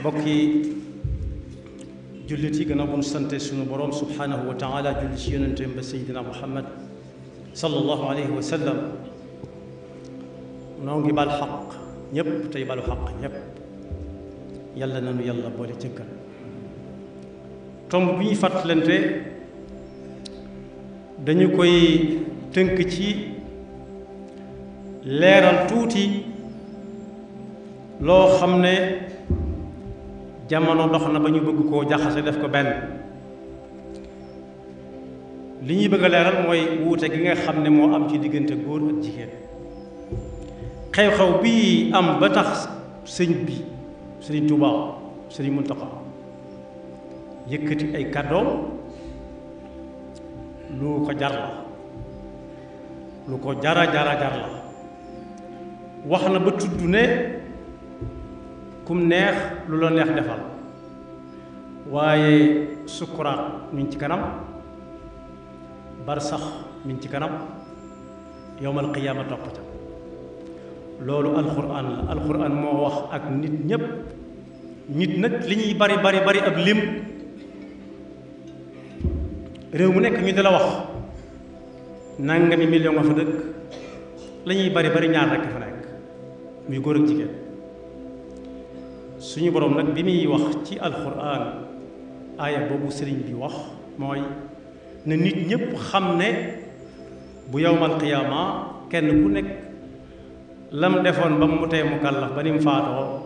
mbokki jullit yi gannaaw bu nu sante sunu borom subhanahu wa taala julli ci yonenteem ba seydina muhammad sallallahu alayhi wa sallam noo ngi bal xaq ñépp tey balu xaq ñépp yàlla nanu yàlla boole jëggal tomb bi ñuy fàttalante dañu koy tënk ci leeral tuuti loo xam ne jamono dox na ba ñu bëgg koo jaxase def ko benn li ñuy bëgg a leeral mooy wuute gi nga xam ne am ci diggante góor ak jigéen xew-xew am ba tax bi sëriñ Tuubaa sëriñ Muntaxa yëkkati ay kàddoom lu ko jar la lu ko jara jara jar la wax ba ne كم نخ لولو نخ دفال واي سكرا من تكرم برسخ من تكرم يوم القيامة توقفت لولو القرآن القرآن مو وخ أك نت نب نت نت لني باري باري باري أبلم رومنك نيدلا وخ نانغامي مليون ما فدك لني باري باري نيار رك فنك مي غورك جيجي suñu borom nag bi muy wax ci alquran aaya boobu sëriñ bi wax mooy ne nit ñëpp xam ne bu yowmal qiyaama kenn ku nekk lam defoon ba mu tee mu kàllax ba ni mu faatoo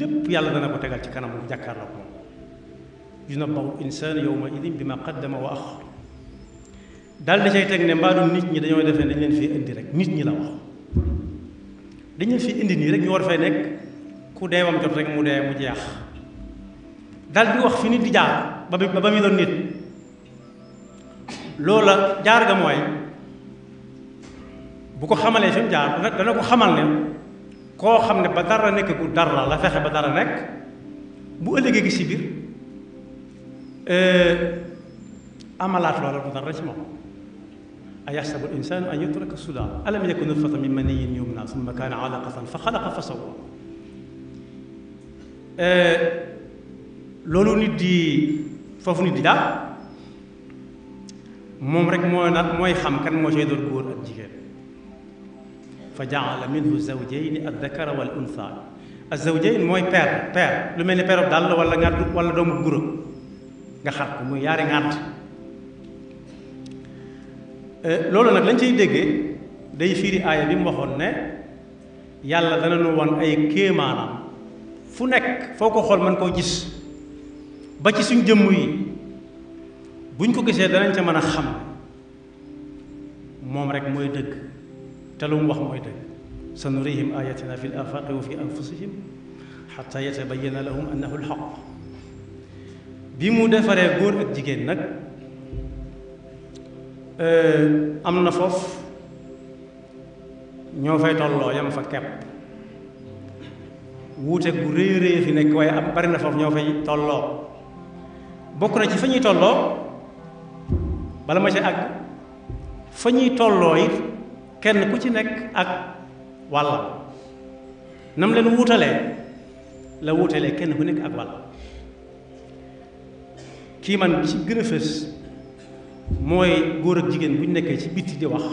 lépp yàlla dana ko tegal ci kanam bu ko yuna baw insaan yowma idin bi ma qaddama wa axar dal di cay teg ne mbaadu nit ñi dañoo defee dañ leen fii indi rek nit ñi la wax dañ leen fii indi nii rek ñu war fay nekk fu deewam jot rek mu dee mu jeex dal di wax fi nit di jaar ba ba mu doon nit loola jaar ga mooy bu ko xamalee fi mu jaar dana ko xamal ne koo xam ne ba dara nekk gu dara la fexe ba dara nekk bu ëllëgee gi si biir amalaat loola du dara ci moom أيحسب الإنسان أن يترك سدى ألم يكن نطفة من مني يمنى ثم كان علقة فخلق فسوى loolu nit di foofu nit di daal moom rek moo na mooy xam kan moo cay doon góor ak jigéen fa jaala minhu zawjayn addakara wal untha azawjayn mooy père père lu mel ni père daal wala nga wala doomu guro nga xar ko muy yaari ngànt loolu nag lañ ciy déggee day firi aaya bi mu waxoon ne yàlla dana nu won ay kéemaanam fu nekk foo ko xool mën koo gis ba ci suñ jëmm yi buñ ko gisee danañ ca mën a xam moom rek mooy dëgg te lu mu wax mooy dëgg sanurihim ayatina fi l afaqi wa fi anfusihim xata yatabayana lahum annahu lxaq bi mu defaree góor ak jigéen nag euh, am na foofu ñoo fay tolloo yam fa kepp wuute gu rëy rëy fi nekk waaye am bari na foofu ñoo fay tolloo bokk na ci fa ñuy tolloo bala ma ci àgg fa ñuy tolloo it kenn ku ci nekk ak walla nam leen wuutalee la wuutalee kenn ku nekk ak wàlla kii man ci gën a fës mooy góor ak jigéen bu ñu nekkee ci bitti di wax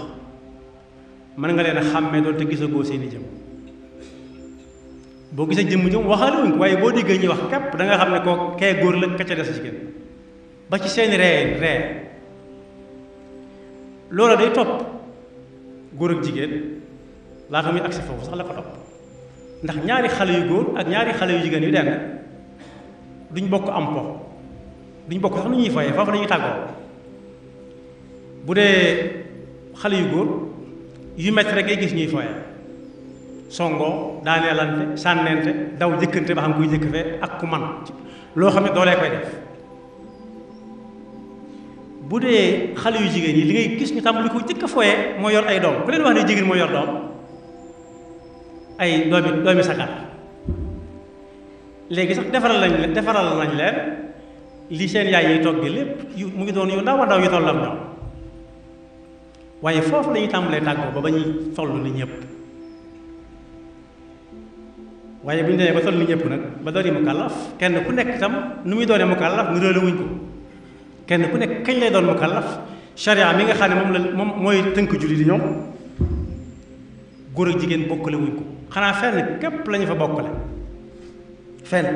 mën nga leen a xàmmee doon te gisagoo seeni jëm boo gisee jëm jom waxaale wuñ ko waaye boo déggee ñuy wax képp da nga xam ne koo kee góor la ka ca des jigéen ba ci seen ree ree loola day topp góor ak jigéen laata muy agsi foofu sax la ko topp ndax ñaari xale yu góor ak ñaari xale yu jigéen yu denn duñ bokk am po duñ bokk sax nu ñuy fayee foofu dañuy tàggoo bu dee xale yu góor yu métti rek ngay gis ñuy fayee. songoo daaneelante sànneente daw jëkkante ba xam kuy jëkk fee ak ku man loo xam ne doolee koy def bu dee xale yu jigéen yi li ngay gis ñu tàmbali ko jëkk a fooyee moo yor ay doom ku leen wax ne jigéen moo yor doom ay doomi doomi sagar léegi sax defaral lañ leen defaral lañ leen li seen yaay yi toog gi lépp mu ngi doon yu ndaw a ndaw yu tollam ndaw waaye foofu la tàmbalee tàggoo ba ba ñuy toll ni ñëpp waaye bu ñu demee ba toll ñëpp nag ba doon yi mu kàllaf kenn ku nekk tam nu muy doonee mu kàllaf nu réelu wuñ ko kenn ku nekk kañ lay doon mu kàllaf charia mi nga xam ne moom la moom mooy tënk julli di ñoom góor ak jigéen bokkale wuñ ko xanaa fenn képp lañu fa bokkale fenn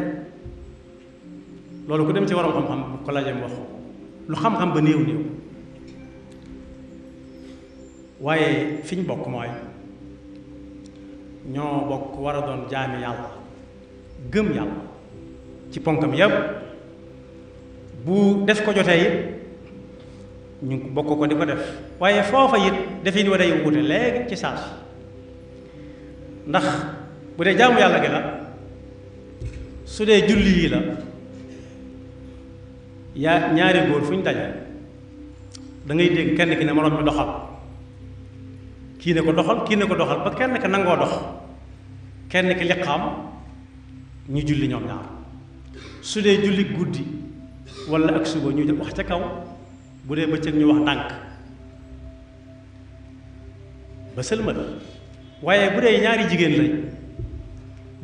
loolu ku dem ci waroom xam-xam ko laaje mu wax lu xam-xam ba néew néew waaye fiñ bokk mooy ñoo bokk war a doon jaami yàlla gëm yàlla ci ponkam yépp bu def ko jotee it ñu bokk ko di ko def waaye foofa it dafay wa day wute léegi ci saas ndax bu dee jaamu yàlla gi la su dee julli yi la yaa ñaari góor fu ñu daje da dégg kenn ki ne moroom bi doxal kii ne ko doxal kii ne ko doxal ba kenn ki nangoo dox kenn ki liqaam ñu julli ñoom ñaar su dee julli guddi wala ak suba ñu wax ca kaw bu dee bëccëg ñu wax ndànk ba sëlmal waaye bu dee ñaari jigéen lañ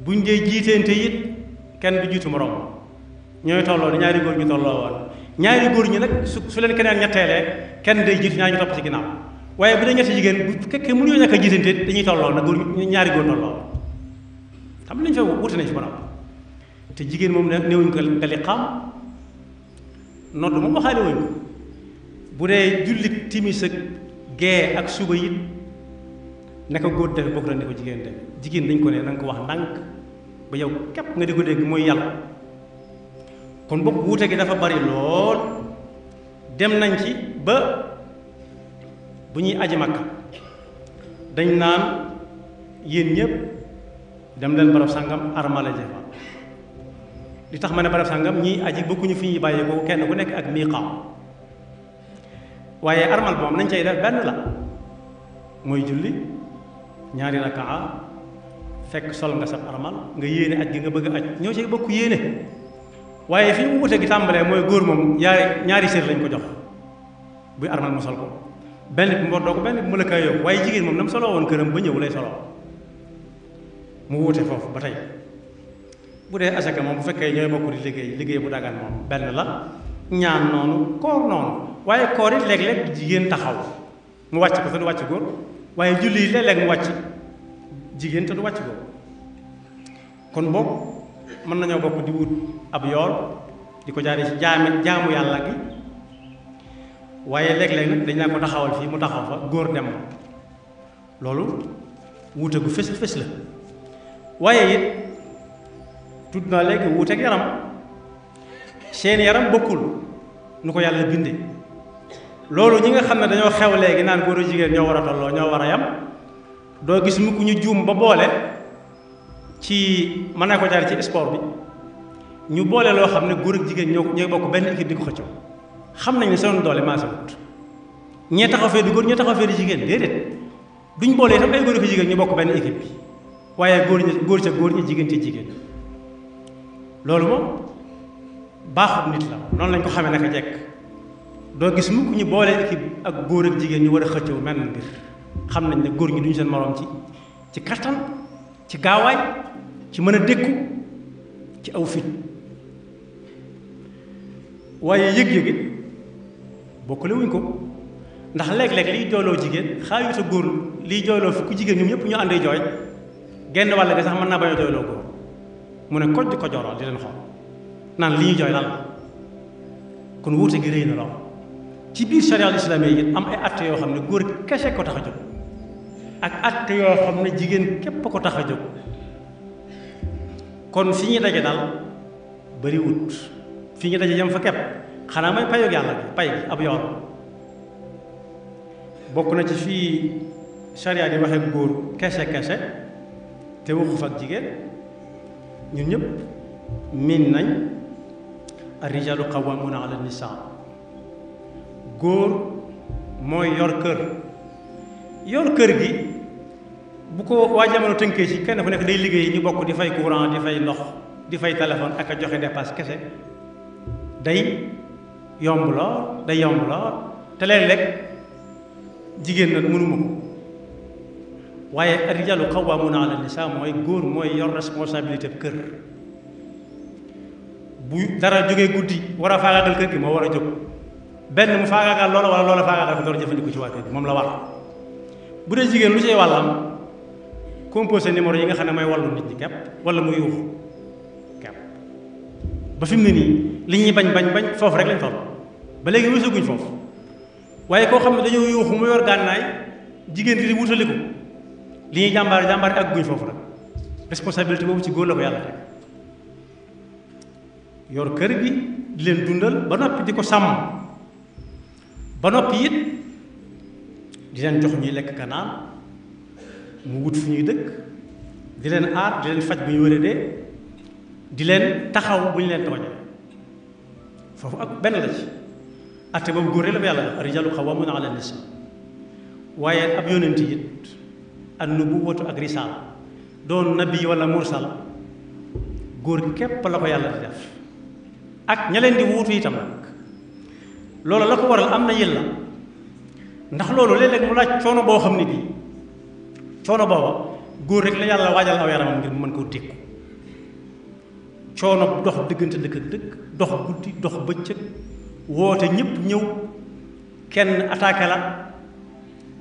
buñ dee jiiteente it kenn du jiitu morom ñooy tolloo ñaari góor ñu tolloo woon ñaari góor ñi nag su su leen keneen ñetteelee kenn day jiitu ñaari ñu topp ci ginnaaw waaye bu dee ñetti jigéen bu fekkee mënuñoo ñàkk a jiitante dañuy tolloo nag ñaari góor tolloo xam nañ fa wute nañ ci borom jigéen moom nag néewuñ ko nga liqaam nodd moom waxaale wuñ bu dee jullit timis ak gee ak suba yi naka góor defe bokk la ne ko jigéen def jigéen dañ ko ne na ko wax ndànk ba yow képp nga di ko dégg mooy yàlla kon bokk wuute gi dafa bari lool dem nañ ci ba bunyi ñuy aji makka dañ naan yéen ñëpp dem leen barab sàngam armala je fa li tax ma ne barab sàngam ñiy aji bokkuñu fi ñuy bàyyeekoo kenn ku nekk ak miiqaam waaye armal moom nañ cay def benn la mooy julli ñaari rakaa fekk sol nga sab armal nga yéene aj gi nga bëgg aj ñoo cay bokk yéene waaye fi mu wute gi ñaari lañ ko jox armal mu sol ko benn bi mboor doo ko benn bi mu la kaay yóbbu waaye jigéen moom nam soloo woon këram ba ñëw lay soloo mu wuute foofu ba tey bu dee asaka moom bu fekkee ñooy bokk di liggéey liggéey bu dagan moom benn la ñaan noonu koor noonu waaye koor it léeg-léeg jigéen taxaw mu wàcc ko te du wàcc góor waaye julli yi mu wàcc jigéen te du wàcc góor kon boog mën nañoo bokk di wut ab yool di ko jaaree ci jaami jaamu yàlla gi waaye léeg-léeg nag dañ laa ko taxawal fii mu taxaw fa góor dem loolu wuute gu fës fës la waaye it tudd naa léegi wuuteeg yaram seen yaram bokkul nu ko yàlla binde loolu ñi nga xam ne dañoo xew léegi naan góor a jigéen ñoo war a tolloo ñoo war a yam doo gis mukk ñu juum ba boole ci mën naa ko jaar ci sport bi ñu boole loo xam ne góor ak jigéen ñoo ñooy bokk benn équipe di xëccoo xam nañ ne seen doole maase wut ñee taxaw fee di góor ñee taxaw fee di jigéen déedéet duñ boolee tam ay góor ak jigéen ñu bokk benn équipe bi waaye góor ñi góor ca góor ñi jigéen ci jigéen loolu moom baaxut nit la noonu lañ ko xamee naka jekk doo gis mukk ñu boole équipe ak góor ak jigéen ñu war a xëccëw mel mbir xam nañ ne góor ñi duñu seen morom ci ci kattan ci gaawaay ci mën a dékku ci aw fit waaye yëg-yëg bokkule wuñ ko ndax léeg-léeg liy jooyloo jigéen xaayuta góor liy jooyloo fi ku jigéen ñoom ñëpp ñu àndi jooy genn wàll ga sax mën naa bañ a jooyloo góor mu ne koj ko joorool di leen xool naan li ñuy jooy lan kon wuute gi rëy na lool ci biir charia al islamiyya am ay atte yoo xam ne góor kese ko tax a jóg ak atte yoo xam ne jigéen képp ko tax a jóg kon fi ñuy daje daal bari wut fi ñuy daje yem fa képp xanaa mooy payog yàlla gi pay gi ab yoon bokk na ci fii charia di waxee góor kese kese te waxuf ak jigéen ñun ñëpp miin nañ arrijalu qawwamuna ala nisaa góor mooy yor kër yor kër gi bu ko waa jamono tënkee ci kenn ku nekk day liggéey ñu bokk di fay courant di fay ndox di fay téléphone ak joxe dépasse kese day yomb lool day yomb lool te leen rek jigéen nag mënuma ko waaye rijalu qawwamuna ala nisa mooy góor mooy yor responsabilité bi kër bu dara jógee guddi war a faagaagal kër gi moo war a jóg benn mu faagaagal loola wala loola faagaagal ko door jëfandiku ci waa kër gi moom la war bu dee jigéen lu cay wàllam composé numéro yi nga xam ne mooy wàllu nit ñi képp wala mu yuuxu képp ba fi ne nii li ñuy bañ bañ bañ foofu rek lañ toll ba léegi wusaguñ foofu waaye koo xam ne dañoo yuuxu mu yor gànnaay jigéen di wutali ko li ñuy jàmbaar jàmbaar ak guñ foofu la responsabilité boobu ci góor la ko yàlla teg yor kër gi di leen dundal ba noppi di ko sàmm ba noppi it di leen jox ñuy lekk kanaan mu wut fu ñuy dëkk di leen aar di leen faj bu ñu wéree di leen taxaw bu ñu leen tooñee foofu ak benn la ci ate boobu góor la ba yàlla def rijalu xawamun ala nisa waaye ab yónent it an nubuwatu ak risaala doon nabi wala mursal góor képp la ko yàlla di def ak ña leen di wuutu itam nag loolu la ko waral am na yilla ndax loolu léeg-léeg mu laaj coono boo xam ne bii coono booba góor rek la yàlla waajal aw yaramam ngir mu mën koo dékku coono dox diggante dëkk dëkk dox guddi dox bëccëg woote ñëpp ñëw kenn attaqué la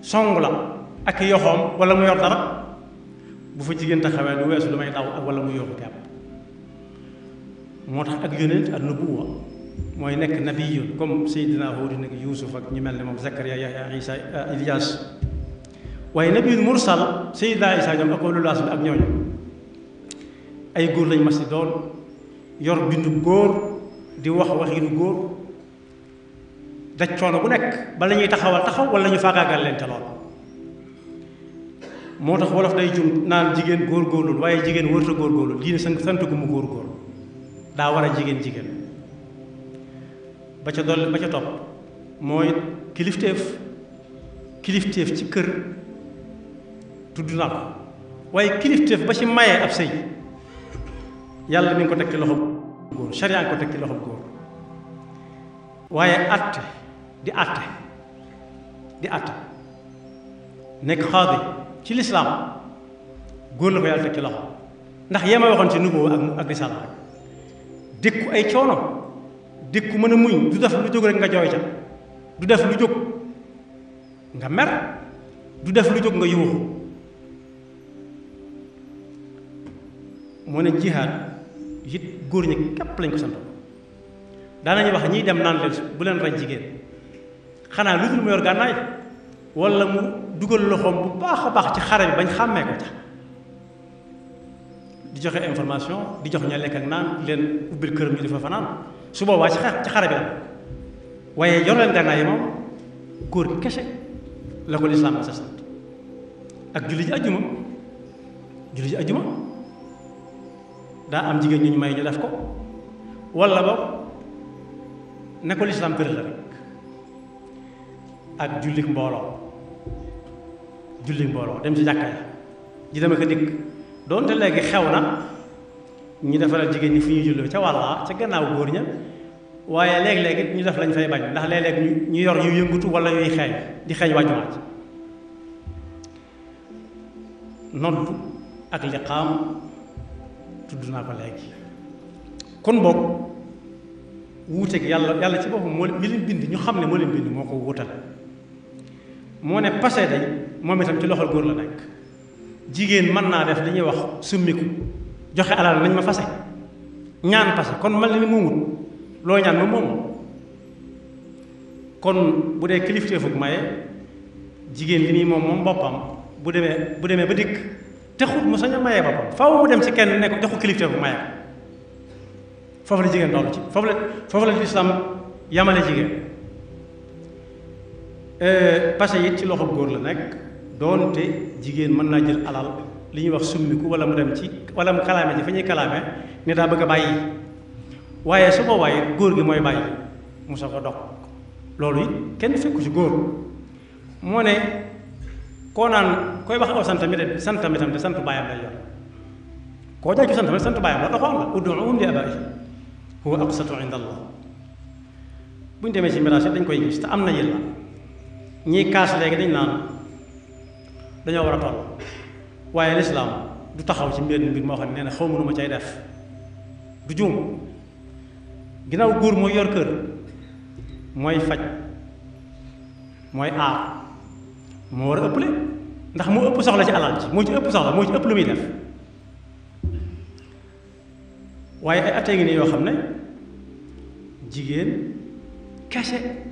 song la ak yoxoom wala mu yor dara bu fa jigéen taxawee du weesu damay daw ak wala mu yooxu jàpp moo tax ak yonent ak nubuwa mooy nekk nabiyun comme Seydina Huud nag yusuf ak ñu mel ne moom Zakariya Yahya Isa Ilyas waaye nabiyul mursal Seydina Isa ñoom ak wàllu laas bi ak ñooñu ay góor lañ mas doon yor bindu góor di wax waxinu góor daj coono bu nekk bala ñuy taxawal taxaw walla ñu faagaagal leen te lool moo tax wolof day jum naan jigéen góorgóorlul waaye jigéen wërta góorgóorlul diine sant sant gu góor góorgóor daa war a jigéen jigéen ba ca dolli ba ca topp mooy kilifteef kilifteef ci kër tudd naa waaye kilifteef ba ci maye ab sëy yàlla mi ngi ko teg ci loxo góor sharia ko teg ci loxo góor waaye atte di àtte di àtte nekk xaadi ci lislaam góor la ko yàlla teg ci loxo ndax yee ma waxoon ci nuboo ak ak risaala rek ay coono dékku mën a muñ du def lu jóg rek nga jooy ca du def lu jóg nga mer du def lu jóg nga yuuxu moo ne jihaad it góor ñi képp lañ ko santoon daanañu wax ñiy dem naan leen bu leen rey jigéen xanaa lu dul mu yor gànnaay wala mu dugal loxoom bu baax a baax ci xare bi bañ xàmmee ko ca di joxe information di jox ña lekk ak naan leen ubbil këram ñu dafa fanaan su boobaa ci ci xare bi la waaye yor leen gànnaay yi moom góor gi kese la ko lislaam a sa ak julli ji ajjuma julli ji ajjuma daa am jigéen ñu ñu may ñu def ko wala ba ne ko lislaam tëral la rek ak jullik mbooloo jullik mbooloo dem ci jàkka ja ji dama ko dikk doonte léegi xew na ñu defaral jigéen ñi fu ñuy julloo ca wàlla ca gannaaw góor ña waaye léeg-léeg ñu def lañ fay bañ ndax léeg-léeg ñu yor yu yëngutu wala yuy xeeñ di xeeñ wàccuwaat nodd ak liqaam tudd naa ko léegi kon boog wuuteeg yàlla yàlla ci boppam moo leen bind ñu xam ne moo leen bind moo ko wuutal moo ne passé day moom itam ci loxol góor la nekk jigéen mën naa def dañuy wax summiku joxe alal nañ ma fase ñaan passé kon man na ni moomut loo ñaan ma moomu kon bu dee kilifteefug maye jigéen li nii moom moom boppam bu demee bu demee ba dikk texut mu sañ mayee maye boppam faaw mu dem ci kenn ne ko joxu kilifteefug maye foofu la jigéen doon ci foofu la foofu la lislaam yamale jigéen Euh, pase it ci loxo góor la nekk doonte jigéen mën naa jël alal li ñuy wax summiku wala mu dem ci wala mu kalaame ji fa ñuy kalaame ne daa bëgg a bàyyi waaye su boobaa it góor gi mooy bàyyi mu sa ko dox loolu it kenn fekku ci góor moo ne koo naan koy wax aw santam itam sant baayam lay yor sant sant baayam la doxoon la ud'uuhum li bu ñu demee ci miraas dañ koy gis te am na yàlla ñii kaas léegi dañ naan dañoo war a toll waaye lislaam du taxaw ci mbir mbir moo xam ne nee na xaw ma nu ma def du juum ginnaaw góor mooy yor kër mooy faj mooy aar moo war a ëpple ndax moo ëpp soxla ci alal ji moo ci ëpp soxla moo ci ëpp lu muy def waaye ay attee ngi nii yoo xam ne jigéen kese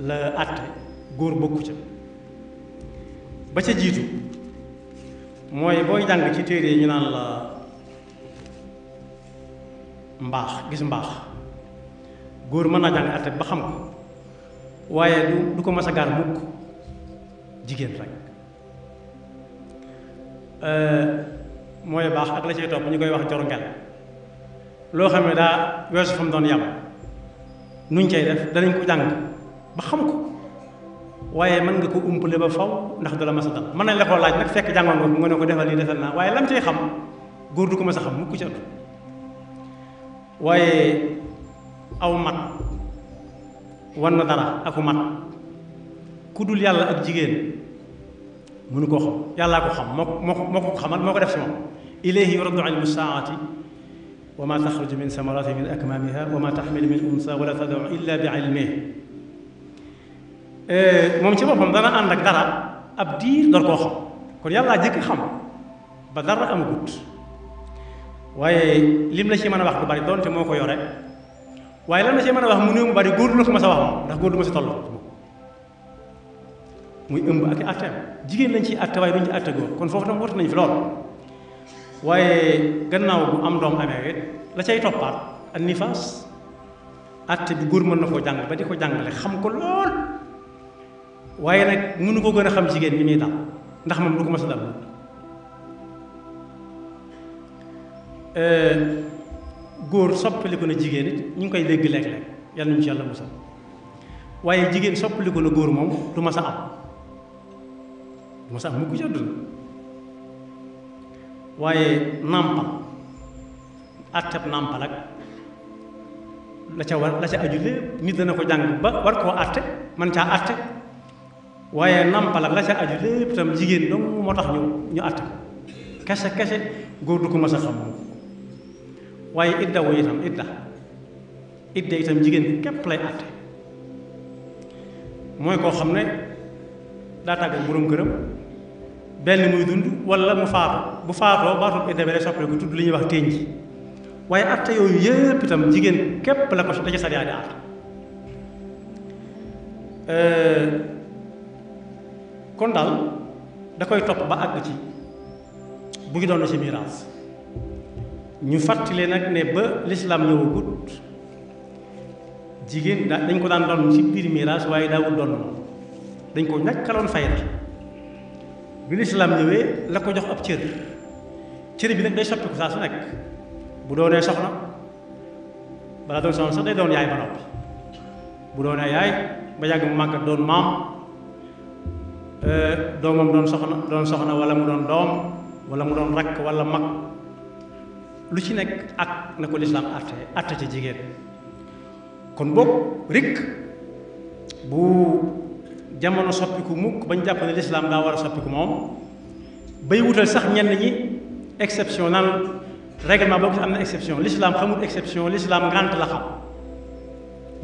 la àtte góor bokku ca ba ca jiitu mooy booy jàng ci téere yi ñu naan mbaax gis mbaax góor mën naa jàng àtte ba xam ko waaye du du ko mas a gaar mukk jigéen rek mooy baax ak la cay topp ñu koy wax jor ngel loo xam ne daa weesu fa mu doon yàlla nuñ cay def danañ ko jàng ba xam ko waaye mën nga ko umpale ba faw ndax du la mas a dal mën nañ la koo laaj nag fekk jàngoon nga nga ne ko defal lii defal naa waaye lam cay xam góor du ko mas a xam mukk ci ëpp waaye aw mat wan na dara aku mat ku dul yàlla ak jigéen mënu koo xam yàllaa ko xam moo moo moo ko xamal moo ko def si moom ilayhi yuraddu ilmu saati wa ma taxruju min samarati min akmamiha wa ma taxmilu min unsa wala tadaw illa bi ilmih mom ci bopam dana ànd ak dara ab diir dor ko xam kon yalla jëk xam ba dara am gut waye lim la ci mën wax du bari doonte moo ko yore waye lan la ci mën wax mu néew bari góor lu ko mas wax ndax góor du ma si muy ëmb ak atteem jigen lañ ci atta way duñ ci atta góor kon fofu tam wut nañ fi lool waye gannaaw bu am doom amé wet la cey topat ak nifas atta bi góor mën na koo jàng ba di ko jàngale xam ko lool waaye nag mënu koo gën a xam jigéen ñi muy dal ndax moom du ko ma a dal euh, góor soppaliku na jigéen ñu ngi koy dégg léeg-léeg yàlla nañu ci yàlla musal waaye jigéen soppaliku na góor moom du ma a am du mas a am mukk ci àdduna waaye nàmpal àttab nàmpal ak la ca war la ca aju lépp nit dana ko jàng ba war koo àtte man caa àtte waaye nampal ak la ca aju lépp itam jigéen dong moo tax ñu ñu àtt ko kese kese góor du ko mës a xam moom waaye idda wu itam idda idda itam jigéen képp lay àtte mooy koo xam ne daa tàggat borom këram benn muy dund wala mu faatu bu faatoo baatut idda bi day soppale tudd li ñuy wax téñ waaye àtte yooyu yëpp itam jigéen képp la ko da ca sariyaa di àtte kon daal da koy topp ba àgg ci bu ngi doon ci miraas ñu fàttali nag ne ba lislaam ñëwagut jigéen dañ ko daan doon ci biir miraas waaye daawul doon dañ ko ñàkkaloon fayda bi lislaam ñëwee la ko jox ab cër cër bi nag day soppiku saa su nekk bu doonee soxna balaa doon soxna sax day doon yaay ba noppi bu doonee yaay ba yàgg mu màggat doon maam Eh, doomam doon soxna doon soxna wala mu doon doom wala mu doon rakk wala mag lu ci nekk ak na ko lislaam atte atte ci jigéen kon boog rikk bu jamono soppiku mukk bañ jàpp ne lislaam daa war a soppiku moom bay wutal sax ñenn ñi exception naan règlement boo am na exception lislaam xamul exception lislaam ngànt la xam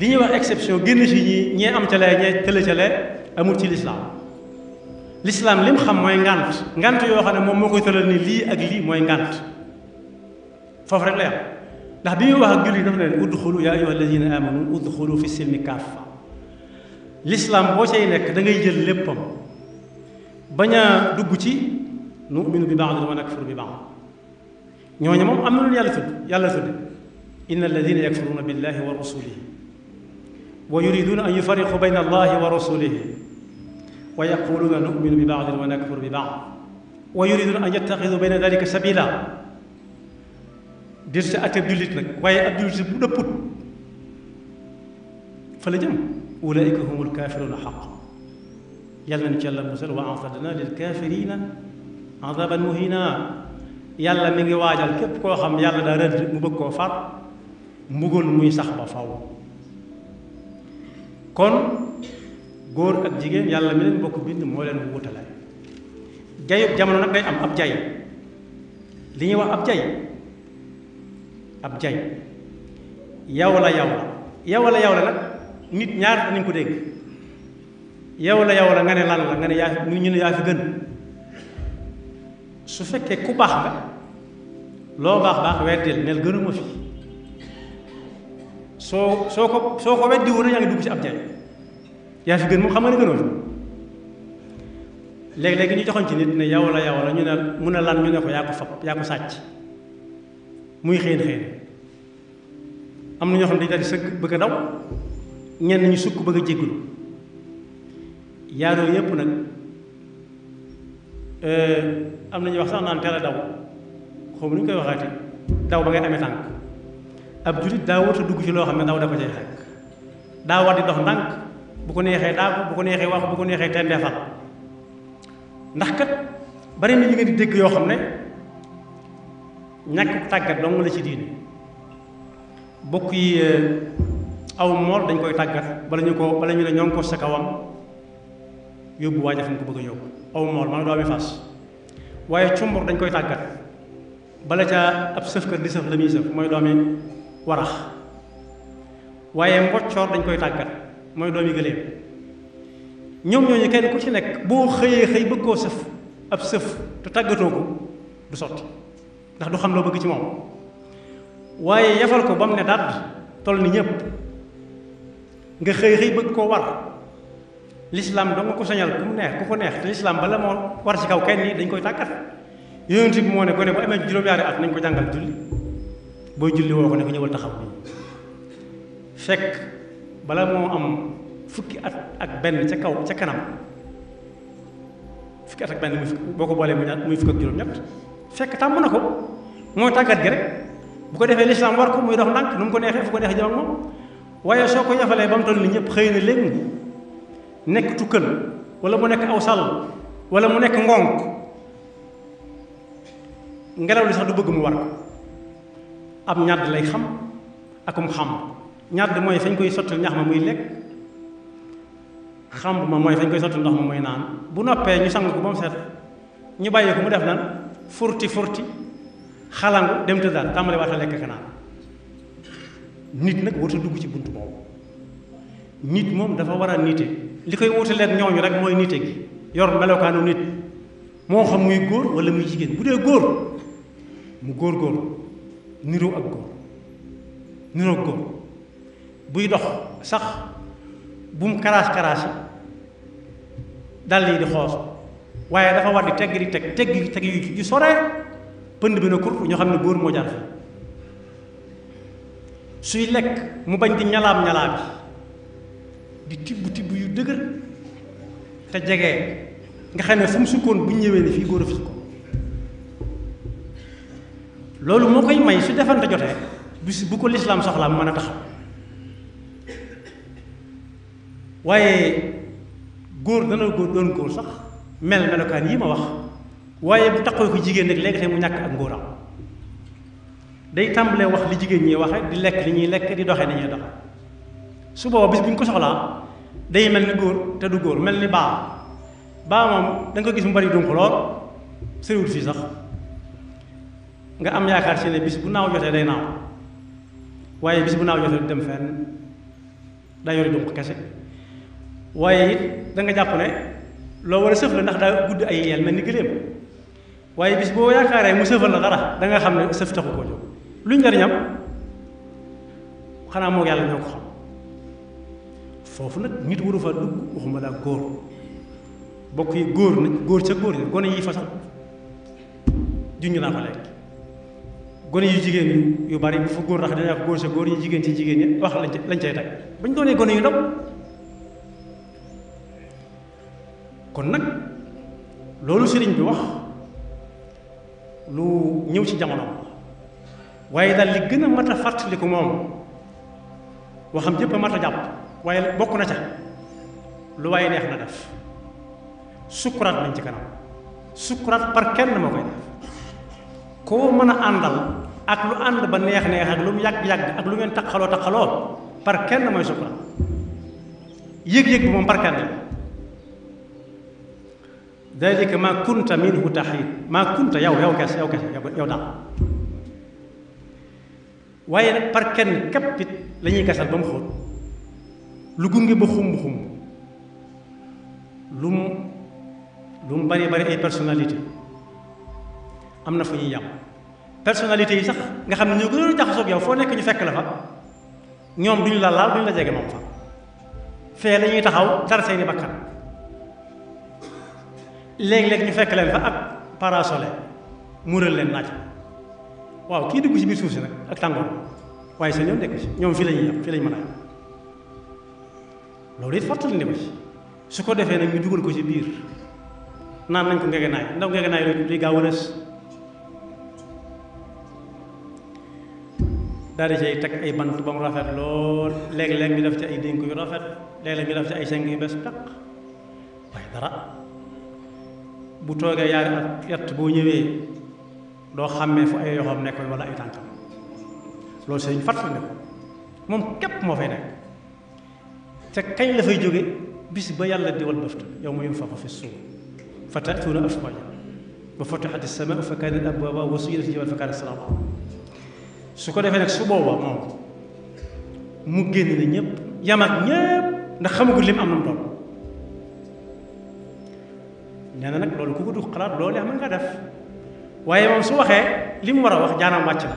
li ñuy wax exception génn ci ñi ñee am ca lee ñee tële ca lee amul ci lislaam l'islam lim xam moy ngant ngant yo xam mom moko teural ni li ak li moy ngant foofu rek la yam ndax bi ñuy wax ak julli dafa ne udkhulu ya yaa ayyuha alladina amanu udkhulu fi silmi kaffa l'islam bo cey nek da ngay jël léppam baña dugg ci numinu bi ba'd wa nakfuru bi ba'd ñoñu mom amna lu yàlla tud yàlla tud inna alladina yakfuruna billahi wa rasulihi wa yuriduna an yufarriqu bayna allahi wa rasulihi ويقولون نؤمن ببعض ونكفر ببعض ويريدون ان يتخذوا بين ذلك سبيلا ديرجا اتبدلت نك واي ابدلت بودبوت فلا جم اولئك هم الكافرون حقا يلا نتيلا مسل واعتدنا للكافرين عذابا مهينا يلا ميغي واجال كيب كو خام يلا دا رد مو بكو فار مغول موي صاح با فاو كون góor ak jigéen yàlla mi leen bokk bind moo leen wutale jayub jamono nag day am ab jay li ñuy wax ab jay ab jay yow la yow la yow la yow la nag nit ñaar nañ ko dégg yow la yow la nga ne lan la nga ne yaa fi ñu ne yaa fi gën su fekkee ku baax nga loo baax baax weddil nel gënuma fi soo soo ko soo ko weddiwu na yaa ngi dugg ci ab jay yaa fi gën moom xam nga ne gënoo fi léeg-léeg ñu joxoon ci nit ne yow la yow la ñu ne mun a lan ñu ne ko yaa ko fab yaa ko sàcc muy xëy na am na ñoo xam ne dañ bëgg a daw ñenn ñu sukk bëgg a jéggulu yaadoo yépp nag eh, am na ñuy wax sax naan teel daw xaw nu ñu koy waxaati daw ba ngay amee tànk ab julit daa war a dugg ci loo xam ne daw dafa ko cay daa war di dox ndànk bu ko neexee daagu bu ko neexee wax bu ko neexee tendeefal ndax kat bari na ñu nga di dégg yoo xam ne ñàkk tàggat dong la ci diin bokk yi aw mool dañ koy tàggat bala ñu ko bala ñu ne ñoo ngi ko sa kawam yóbbu waaja fa mu ko bëgg a yóbbu aw mool maanaam doo amee fas waaye cumbur dañ koy tàggat bala ca ab sëfkat di sëf la muy sëf mooy doo amee warax waaye mboccoor dañ koy tàggat mooy doomi gëléem ñoom ñooñu kenn ku ci nekk bo xëyee xëy bëgg koo sëf ab sëf te tàggatoo ko du sotti ndax du xam loo bëgg ci moom waaye yafal ko bam mu ne dàdd tol ni ñëpp nga xëy xëy bëgg koo war lislaam doo nga ko sañal ku mu neex ku ko neex te bala mo war ci kaw kenn nii dañ koy tàggat yonent bi moo ne ko ne bu amee juróom-ñaari at nañ ko jàngal julli booy julli wo ko ne ko ñëwal taxaw fek bala moo am fukki at ak benn ca kaw ca kanam fukki at ak benn boo ko boolee muy fukk ak juróom-ñett fekk tàmm na ko mooy tàggat gi rek bu ko defee lislaam war ko muy dox ndànk nu mu ko neexee fu ko neexee jëm ak moom waaye soo ko yafalee ba mu toll ni ñëpp xëy na léegi nekk tukkal wala mu nekk aw sàll wala mu nekk ngonk ngelaw li sax du bëgg mu war ko am ñàdd lay xam akum xam ñàdd mooy fañ koy sottal ñax ma muy lekk xamb ma mooy fañ koy sottal ndox ma muy naan bu noppee ñu sang ko ba mu set ñu bàyyi ko mu def lan furti furti xalangu dem tëddaat tàmbali waata lekk ak naan nit nag warut a ci bunt boobu nit moom dafa war a nite li koy wutaleeg ñooñu rek mooy nite gi yor melokaanu nit moo xam muy góor wala mu jigéen bu dee góor mu góor góor niroo ak góor niroo ak góor buy dox sax bum karaas karaas dal yi di xoos waaye dafa war di tegg di teg tegg teg yu yu sore pënd bi na kur ñoo xam ne góor moo jar suy lekk mu bañ di ñalaam ñalaam di tibb tibb yu dëgër te jege nga xam ne fu mu sukkoon bu ñëwee ni fii góor a fi sukkoon loolu moo koy may su defante jotee bu ko lislaam soxlaa mën a taxaw waaye góor dana góor doon góor sax mel melokaan yii ma wax waaye bu taxoo ko jigéen nag léegi te mu ñàkk ak ngóoram day tàmbalee wax li jigéen ñi waxe di lekk li ñuy lekk di doxe ni ñuy doxe su booba bis bu ñu ko soxlaa day mel ni góor te du góor mel ni baa baa moom danga gis mu bari dun ko lool fii sax nga am yaakaar si ne bis bu naaw jotee day naaw waaye bis bu naaw jotee du dem fenn day yori dun ko kese waaye it da jàpp ne loo war a sëf la ndax daa gudd ay yeel mel ni gëléem waaye bis boo yaakaaree mu sëfal la dara da xam ne sëf taxu ko jóg lu ñu njariñam xanaa moo yàlla ñoo ko xam foofu nag nit waru fa dugg waxuma laa góor bokk yi góor na góor sa góor gone yi fa sax junj naa ko léegi gone yu jigéen yu yu bari bu fa góor rax dina ko góor sa góor yi jigéen ci jigéen ñi wax lañ cay lañ cay teg bañ ko nee gone yu ndaw kon lalu loolu sëriñ bi wax lu ñëw ci jamono waaye daal li gën a mat a fàttaliku moom waxam jëpp a mat a jàpp waaye bokk na ca lu waaye neex na def sukkuraat nañ ci kanam sukkuraat par kenn moo koy def koo mën a àndal ak lu ànd ba neex neex ak lu ak lu ngeen par kenn par kenn dalika maa kunta minhu taxiid maa kunta yow yow kese yow kese yow daal waaye nag par kenn képp it la gasal ba mu xóot lu gunge ba xumb-xumb lu mu lu mu bari bari ay personnalité am na fu ñuy yàpp personnalité yi sax nga xam ne ñoo gënoon jaxasoog yow foo nekkee ñu fekk la fa ñoom duñu la laal duñu la jege moom fa fee la ñuy taxaw dara seeni bakkan léeg-léeg ñu fekk leen fa ak parasole muural leen naaj waaw kii dugg ci biir suuf si nag ak tàngoor waaye sa ñoom nekk ci ñoom fii la ñuy yem fii la ñu a yem loolu it fàttali ne ko ci su ko defee nag ñu dugal ko ci biir naan nañ ko ngege naay ndaw ngege naay loolu day gaaw a des daal di cay teg ay bant ba rafet lool léeg-léeg ñu def ci ay dénk yu rafet léeg-léeg ñu def ci ay seng yu bees tàq waaye dara. bu toogee yaari ak yett boo ñëwee doo xàmmee fu ay yoxoom nekk wala ay tànkam loolu sëriñ fàttali ne ko moom képp moo fay nekk te kañ la fay jóge bis ba yàlla di wal bëfta yow ma yunfaxu fi suur fa tatuuna afwaja ba futihat as-samaa fa al abwaaba wa suyilat al fa kaanat saraaba su ko defee nag su booba moom mu génn ne ñëpp yamak ak ñëpp ndax xamagul lim am na doom nee nag loolu ku ko du xalaat loolu neex mën nga def waaye moom su waxee li mu war a wax jaanaam wàcc na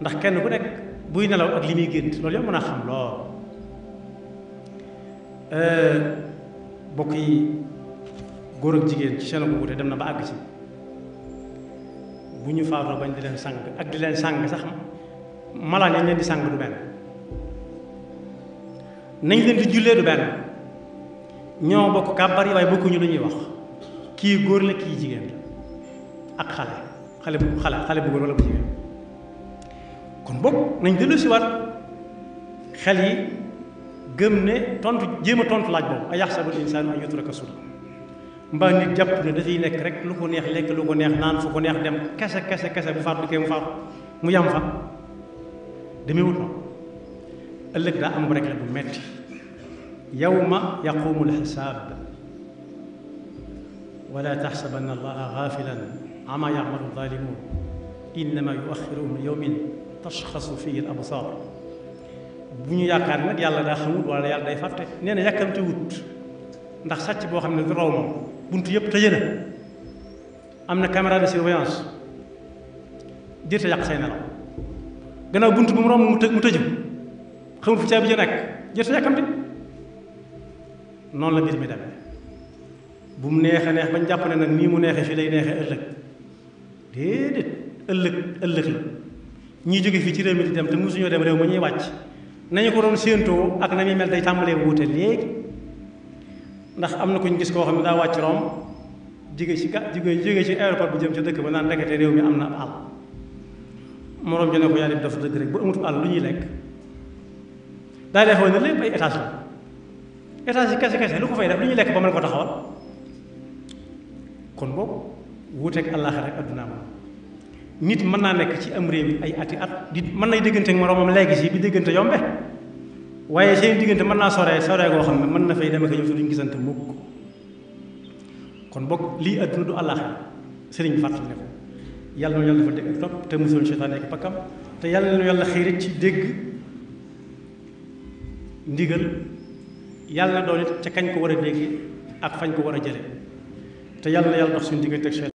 ndax kenn ku nekk buy nelaw ak li muy gént loolu yow mën a xam lool euh, bokk yi góor ak jigéen ci seen wuute dem na ba àgg bu ñu faatoo bañ di leen sang ak di leen sang sax malaan yañ leen di sang du benn nañ leen di jullee du benn ñoo bokk kàbbar yi waaye bokkuñu lu ñuy wax kii góor la kii jigéen la ak xale xale bu xale xale bu góor wala jigéen kon bokk nañ dellu si waat xel yi gëm ne tontu jéem a tontu laaj boobu ay a yaxsabul insaanu an yutraka suda mbaa nit jàpp ne dafay nekk rek lu ko neex lekk lu ko neex naan fu ko neex dem kese kese kese bu faatu kee mu faatu mu yam fa demewut noonu ëllëg daa am rek la bu metti يوم يقوم الحساب ولا تحسب أن الله غافلا عما يعمل الظالمون إنما يؤخرهم ليوم تشخص فيه الأبصار bu ñu yaakaar nag yàlla daa xamut wala yàlla day fàtte nee na yàkkamte wut ndax sàcc boo xam ne du raw moom bunt yëpp tëjee na am na caméra de surveillance jërte yàq say nelaw gannaaw bunt bu mu romb mu tëj mu tëju xamul fu caabi ja nekk jërte yàkkamte noonu la bis bi demee bu mu neexee neex bañ jàpp ne nag nii mu neexee fii day neexee ëllëg déedéet ëllëg ëllëg la ñi jóge fii ci réew mi di dem te mosuñoo dem réew ma ñuy wàcc nañu ko doon séentoo ak na muy mel day tàmbalee wuute léegi ndax am na kuñ gis koo xam ne daa wàcc Rome jóge ci ga jigéen jóge ci aéroport bu jëm ca dëkk ba naan ndekete réew mi am na àll moroom ji ne ko yaa def dafa dëgg rek bu amut àll lu ñuy lekk daa defoo ne lépp état si kese kese lu ko fay def lu ñu lekk ba mën ko taxawal kon boobu wuuteeg àllaaxira ak adduna moom nit mën naa nekk ci am réew ay ati at di mën nay déggante ak moroomam léegi si bi déggante yombe waaye seen diggante mën naa sore sore goo xam ne mën na fay dem ak ñëw su duñ gisante mukk kon boog lii adduna du àllaaxira sëriñ bi fàttali ne ko yàlla na yàlla dafa dégg ak topp te musul seytaane ak pakkam te yàlla na yàlla xiirit ci dégg ndigal yàlla na doon it ca kañ ko war a dégg ak fañ ko war a jële te yàlla na yàlla dox suñu diggante ak